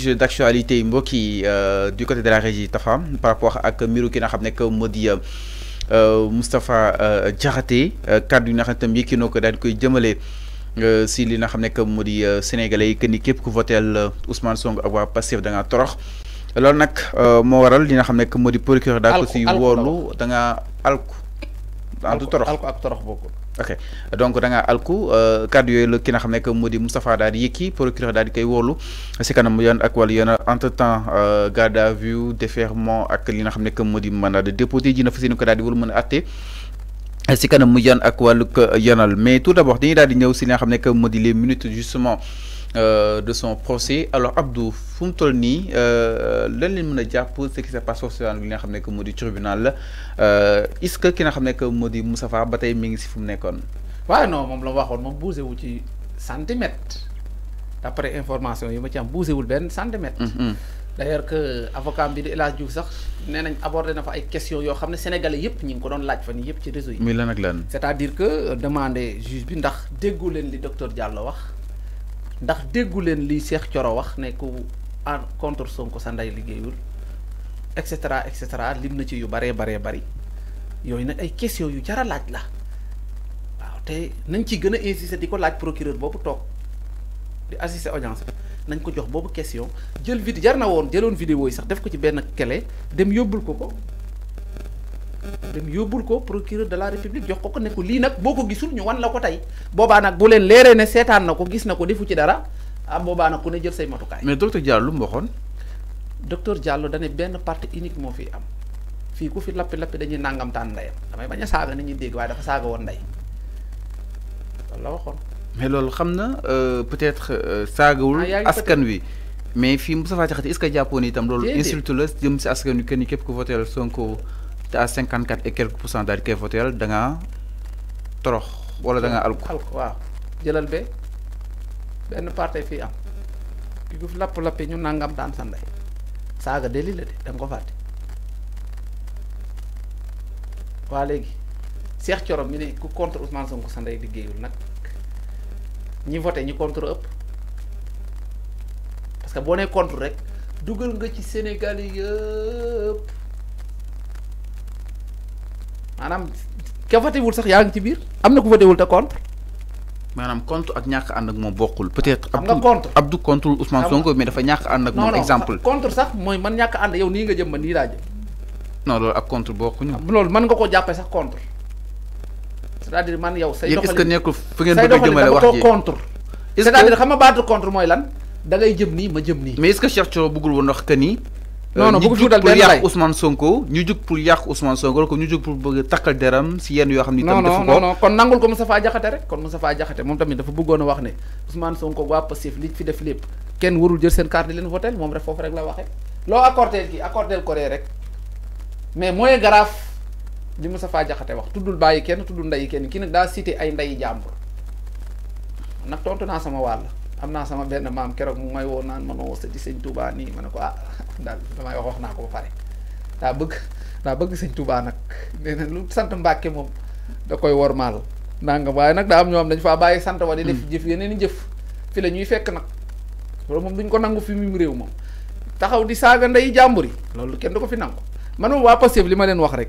sujet d'actualité yi mbokk yi euh, du côté de la régie Tafa par rapport ak mbiru ki nga xam ne que moo di euh, Moustapha euh, Diakhaté kàddu yi nga xam ne tam yëkki noo ko daal koy jëmale si li nga xam ne que moo di sénégalais yi ni képp ku voteel Ousmane Sonko ak waa Pastef da torox loolu nag moo waral li nga xam ne que moo di daal ko si woolu da ngaa andu torox Alku ak torox bokul ok donc da nga alku cadre yoy le ki nga xamné que modi Moustapha dal yeki procureur dal kay wolu ci kanam yon ak wal yon entre temps euh, garde à vue déferment ak li nga xamné que modi mandat de dépôt dina fasiyene ko dal di wol mëna atté si kanam mu yon ak waluk yonal mais tout d'abord dañuy dal di ñew ci nga xamné que modi les minutes justement euh, de son procès alors Abdou fu mu toll nii euh, lan lañ mën ce qui se passe social li nga xam ne que moo tribunal la euh, est-ce que ki nga xam ne que moo di Moustapha ba tey mi ngi si fu mu nekkoon. non moom la waxoon moom bougé wu ci centimètre d'après information yi ma ci am bougé wul benn centimètre. Mhm. d'ailleurs que avocat bi di El Hadj Diouf sax nee nañ abordé na fa ay questions yoo xam ne sénégalais yëpp ñu ngi ko doon laaj fan yëpp ci réseau yi. muy lan ak lan. c'est-à-dire que demander juge bi ndax déggu leen li docteur Diallo wax. ndax déggu leen li Cheikh Thioro wax ne ku en contre Sonko sa ndey liggéeyul et cetera et cetera lim na ci yu baree baree bari yooyu nag ay question yu jara laaj la waaw te nañ ci gën a insister di ko laaj procureur boobu toog di assister audience nañ ko jox boobu question jël vidéo jar na woon jëloon vidéo yi sax def ko ci benn kele dem yóbbul ko ko dem yóbbul ko procureur de la république jox ko ko ne lii nag boo ko gisul ñu wan la ko tey booba nag bu leen leeree ne seetaan na ko gis na ko defu ci dara ah boobaa nag ku ne jël say matukaay. mais docteur Diallo lu mu waxoon. docteur Diallo da benn parti unique moo fi am fii ku fi lappi lappi dañuy nangam taan ndeyam damay a saaga ni ñuy dégg waaye dafa saaga woon ndey loolu la waxoon. mais loolu xam na euh, peut-être euh, saagawul. Ah, askan wi. mais fii Moustapha Diakhaté est-ce que jàppoon itam loolu. insulte la jëm si askan wi kenn képp ku voté Sonko. te à 54 et quelques pour cent daal di koy da nga torox wala da nga alko alko waaw jëlal be ben parti fi am bi ko lap lapé ñu nangam daan sa ndey saaga deli la de da nga ko fàtte waa léegi Cheikh thiorom mi ne ku contre Ousmane Sonko sa ndey liggéeyul nak ñi voté ñi contre ëpp parce que bo né contre rek dugal nga ci Sénégal yépp manam ka voté wul sax yaang ci biir amna ku voté wul ta contre manam contre ak ñak and ak mom bokul peut-être abdou contre abdou contre ousmane sonko mais dafa ñak and ak mom exemple contre sax moy man ñak and yow ni nga jëm man ni la jëm non lolou ak contre bokuñu lolou man nga ko jappé sax contre c'est-à-dire man yow say doxal est-ce que nekul fu ngeen bëgg jëmale wax ji contre c'est-à-dire xama battre contre moy lan da ngay jëm ni ma jëm ni mais est-ce que cheikh choro bëggul won wax que ni Euh, non non bëgg tuutal benn lay Ousmane Sonko ñu jug pour yàq ko ñu jug pour bëgg takkal deram si yenn yoo xam ni itam defu ko non kon nangul ko Moustapha Diakhaté rek kon a wax ne Ousmane Sonko waa Pastef liñ def lépp kenn warul jël seen carte di leen votel moom rek foofu rek la waxee loo accordé ki accordé rek mais mooy garaaf li Moustapha Diakhaté wax tuddul bàyyi kenn tuddul ndeyi kenn kii nag daa cité ay ndeyi jàmbur nag tontu naa sama wàll am naa sama benn maam keroog mu may woo naan ma noo sa di sëñ nii ma ne ko ah daal damay wax wax naa ko ba pare daa bëgg daa bëgg sëñ tubaa nag nee na lu sant Mbàkke moom da koy wormaal nangam waaye nag daa am ñoo xam dañ faa bàyyi sant wa di def mm. jëf yeneen i jëf fi la ñuy fekk nag loolu moom duñ ko nangu fi mu réew moom taxaw di saaga ndey jàmbur yi loolu kenn du ko fi nangu man moom waa Pastef li ma leen wax rek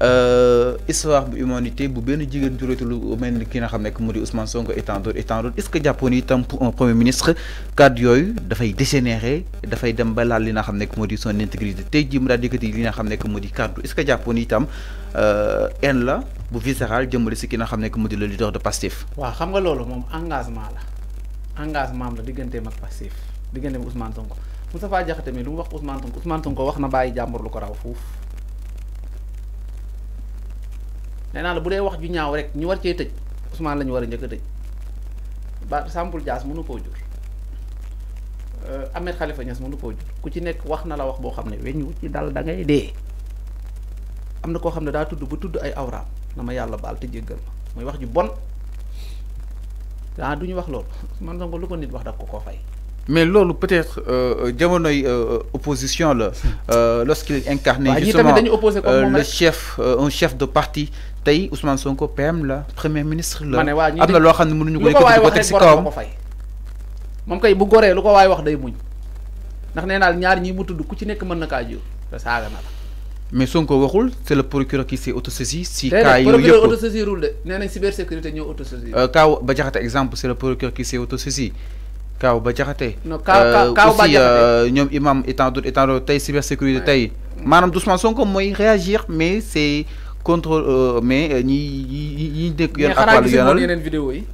Euh, histoire bu humanité bu ben jigéen juróotu lu mel ki nga xam nekk mu Ousmane Sonko et tant d'autres et est-ce que jàppoon tam pour un premier ministre cadre yooyu dafay dégénérer fay dem ba laal li nga xam nekk mu son intégrité tay jii mu daal yëkkati li nga xam nekk mu cadre est-ce que tam euh en la bu viscéral jëmale si ki nga xam nekk mu le leader de Pastef. wa xam nga lolu mom engagement la engagement la digganteem mak Pastef digganteem Ousmane Sonko Moustapha Diakhaté mi lu wax Ousmane Sonko Ousmane Sonko wax na baye jambour lu ko raw fuuf. nee naa la budé wax ju ñaaw rek ñu war tej Ousmane lañu wara ñëk tej ba Sampul Dias mënu ko jur euh, Ahmed Khalifa ñass mënu ko jur ku ci nekk wax na la wax bo xamné wéñu ci dal da ngay dé amna ko xamné da tuddu bu tuddu ay awra na ma yàlla te jéggal ma muy wax ju bon da duñu wax lool man Sonko lu ko nit wax da ko ko fay. mais loolu peut-être euh, euh, euh opposition hmm. euh, lorsqu'il incarnait justement le chef un chef de parti tey Ousmane Sonko PM la premier ministre la. amna lo waa ñii am na mënuñu ko yëkkati ko tek ci kawam mom kay bu goré lu ko waay wax day muñ ndax nénal ñaar ñi mu tuddu ku ci nekk mëna ka kaa jiw te saaga na mais Sonko waxul c'est le procureur qui s'est autosaisi si cas yooyu yëpp autosaisirul de nee nañ cybersécurité ñoo euh kaw ba jaxata exemple c'est le procureur qui s'est autosaisi Kaaw ba jaxate. non Kaaw ba jaxate aussi euh, ñoom imam étant d'autres étant d'autres tey cybersécurité tey. maanaam Ousmane Sonko moy réagir mais c'est contrôle euh, mais euh, ñi ñi ñi dëkk yoon ak wàllu yoonal yeneen vidéo yi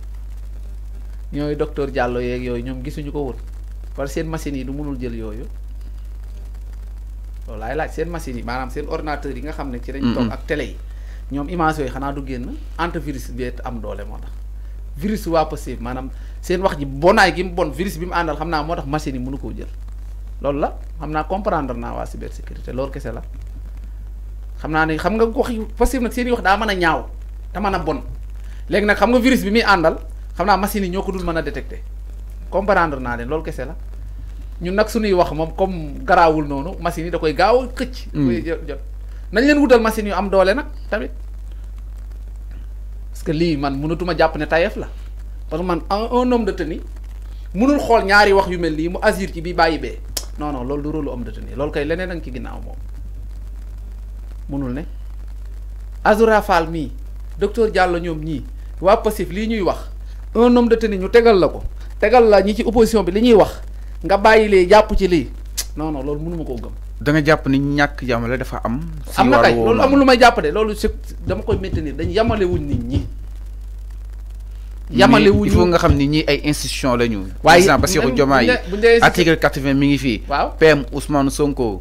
ñooy docteur Diallo yeeg yooyu ñoom gisuñu ko woon parce que seen machine yi du mënul jël yooyu loolu laay laaj seen machine yi maanaam seen ordinateur yi nga xam ne ci dañ toog ak télé yi ñoom image yooyu xanaa du génn antivirus bi am doole moo tax virus waa passif maanaam seen wax ji bonaay gi bon virus bi mu àndal xam naa moo tax machine yi mënu koo jël loolu la xam naa comprendre naa waa cybersécurité loolu kese la xam naa ne xam nga wax yu Pastef nag seen i wax daa a ñaaw te a bon léegi nag xam nga virus bi muy àndal xam naa machine yi ñoo ko dul mën a détecté comprendre naa leen loolu kese la ñun nag suñuy wax moom comme garaawul noonu machine yi da koy gaaw xëcc. Mm. jot nañ leen wutal machine yu am doole nag tamit parce que lii man mënatuma jàpp ne tayeef la parce que man un homme de tenue mënul xool ñaari wax yu mel nii mu agir ci bi bàyyi bee non loolu du rôle homme de loolu kay leneen a ngi ci ginnaaw moom. mënul ne Azoura Fall mii docteur Diallo ñoom ñii waa Pastef lii ñuy wax un homme de tenue ñu tegal la ko tegal la ñi ci opposition bi li ñuy wax nga bàyyi lee jàpp ci lii non non loolu mënuma koo gëm. da nga jàpp ni ñàkk yamale dafa am. si am na kay loolu amul lu may jàpp de loolu c' dama koy maintenir dañ yamale wuñ nit ñi. yamale wuñu il faut nga xam ni ñii ay institution la ñu. waaye bu ñu nee bu ñu nee institution article 80 mi ngi fii. waaw PM Ousmane Sonko.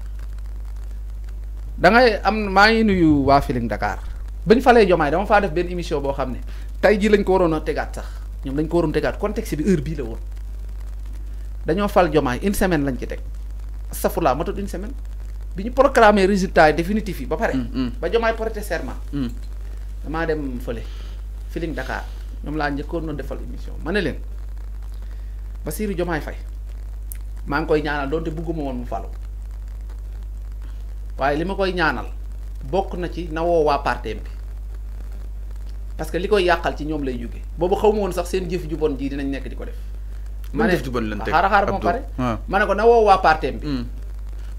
da am maa ngi nuyu waa Feeling Dakar bañ falee jomaay dama faa def benn émission boo xam ne tey jii lañ ko waroon a tegaat sax ñoom lañ ko waroon tegaat contexte bi heure bii la woon dañoo fal jomaay une semaine lañ ci teg astafurlaa matut une semaine bi ñu programmé résultat yi définitif yi ba pare. Mm, mm. ba jomaay prêter serment. Mm. damaa dem fële Feeling Dakar ñoom laa njëkkoon na defal émission ma ne leen Bassirou Diomaye fay maa ngi koy ñaanal doonte bugguma woon mu falu waaye li ma koy ñaanal bokk na ci na woo waa parce que li koy yàqal ci ñoom lay jóge boobu xaw ma woon sax seen jëf ju bon jii dinañ nekk di ko def. ma ne xaar xaar moo pare. Ah. ma ne ko na woo waa bi. Hmm.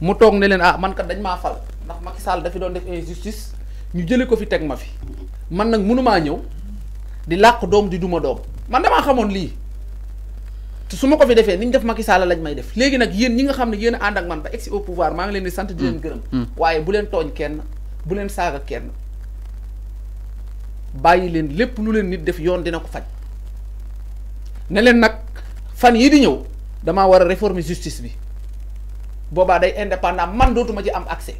mu toog ne leen ah man kat dañ maa fal ndax Macky Sall dafi doon def injustice ñu jëlee ko fi teg ma fi man nag mënumaa ñëw di làq doom di duma doom man damaa xamoon lii. su ma ko fi defee ni ñu def Macky Sall lañ may def léegi nag yéen ñi nga xam ne yéen a ànd ak man ba egsi au pouvoir maa ngi leen di sant di leen mm. gërëm. Mm. waaye bu leen tooñ kenn bu leen saaga kenn bàyyi leen lépp lu leen nit def yoon dina ko faj ne leen nag fan yii di ñëw damaa war a réformer justice bi boobaa day indépendant man dootuma ci am accès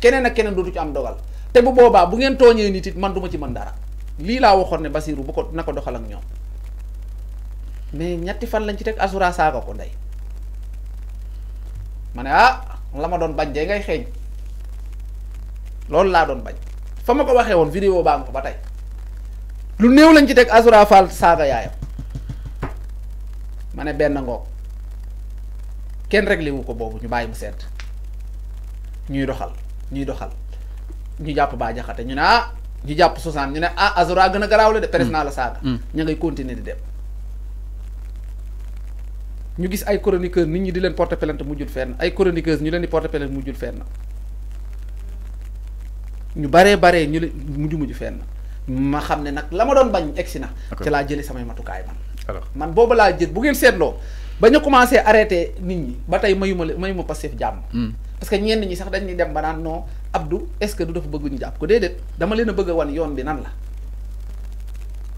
keneen ak keneen dootu ci am dogal te bu boobaa bu ngeen tooñee nit it man duma ci man dara lii laa waxoon ne Basirou bu ko na ko doxal ak ñoom. mais ñetti fan lañ ci teg asura saaga ko ndey ma ah lama ma doon bañ de ngay xeeñ loolu laa doon bañ fa ko waxee won vidéo ba nga ko lu néew lañ ci teg asura faal saaga yaayam ma ben benn ken kenn réglé wu ko bobu ñu bayyi mu sedd ñuy doxal ñuy doxal ñu japp ba jaxate ñu na ah, ñu japp 60 ñu ne ah azura gëna a de mm. presna la saga mm. ñay ngay continuer di dem ñu gis ay chroniqueurs nit ñi di leen porter plainte mujjul fenn ay chroniqueuses ñu leen di porter plainte mujjul fenn ñu bare bare ñu leen mujj mujj fenn ma xamne nak lama doon bañ egsi na. ci laa jëlee samay matukaay man. alors man bobu la jël bu ngeen sétlo ba ñu commencé arrêté nit ñi ba tay mayuma mayuma pas chef jamm hmm. parce que ñen ñi sax ni dem ba naan non Abdou est ce que du dafa bëgg ñu japp ko dedet dama leena bëgg wan yoon bi nan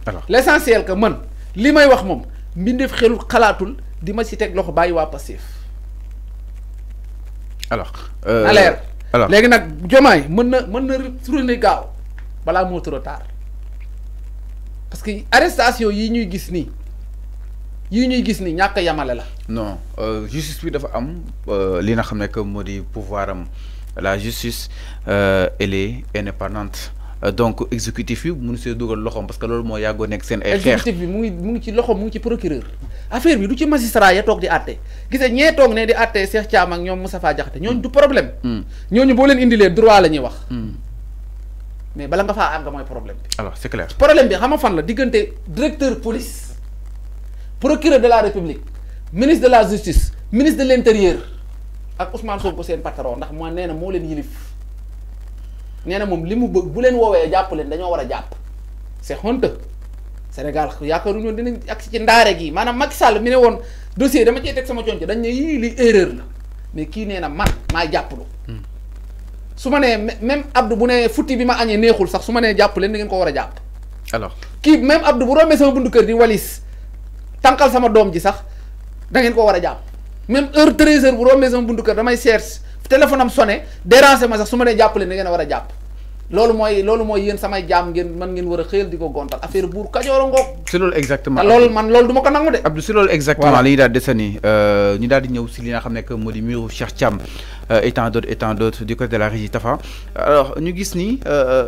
la. alors que man limay wax mom mbindef xelul khalatul di ma ci teg loxo bàyyi waa Pastef. alors. alerte euh, alors légui nak jomaay meuna meuna mën na tourner gaaw balaa moo trop tard parce que arrestation yi ñuy gis ni yi ñuy gis ni ñàkk yamale la. non euh justice bi dafa am euh li nga xamné que modi pouvoiram la justice euh elle est indépendante. Euh, donc exécutif bi mënu see dugal loxoom parce que lolu mo yago nek sen ay xeex exécutif bi mu ngi ci loxom mu ngi ci procureur. affaire bi du ci magistrat ya toog di àtte gisee ñee toog ne di àtte Cheikh Thiam ak ñoom Moustapha Diakhaté ñooñu du problème. Hmm. ñooñu boo leen indilee droit la ñuy wax. Hmm. mais bala nga faa am nga mooy problème bi. alors c'est clair problème bi xam nga fan la diggante directeur police procureur de la république ministre de la justice ministre de l'intérieur ak Ousmane Sonko seen patron ndax moo nee na moo leen yilif nee na moom li mu bëgg bu leen woowee jàpp leen dañoo war a jàpp c'est honteux. Sénégal yaakaaruñu ñoo dinañ agsi ci ndaare gi maanaam Macky Sall mi ne woon dossier dama cee teg sama conco dañ ne yii li erreur la mais kii nee na man maa jàppalu hmm. su ma nee même Abdou bu nee futti bi ma añee neexul sax su ma nee jàpp leen da ngeen ko war a jàpp. alors kii même Abdou bu rombee sama buntu kër di walis tànqal sama doom ji sax da ngeen ko war a jàpp même heure treize heures bu rombee sama buntu kër damay seet téléphone am sonné déranger ma sax su ma nee jàpp leen da war a jàpp. loolu mooy loolu mooy yéen samay jaam ngeen man ngeen war a xëyal di ko gontal affaire buur kajoor a ngoog si loolu exactement ah, loolu man loolu du ko nangu de Abdou si loolu exactement li ñu daal desani euh, ñu daal di ñëw si li nga xam nekk moo di mbiru Cheikh Thiam euh, et tant d'autres et tant de la régie Tafa ñu gis nii euh,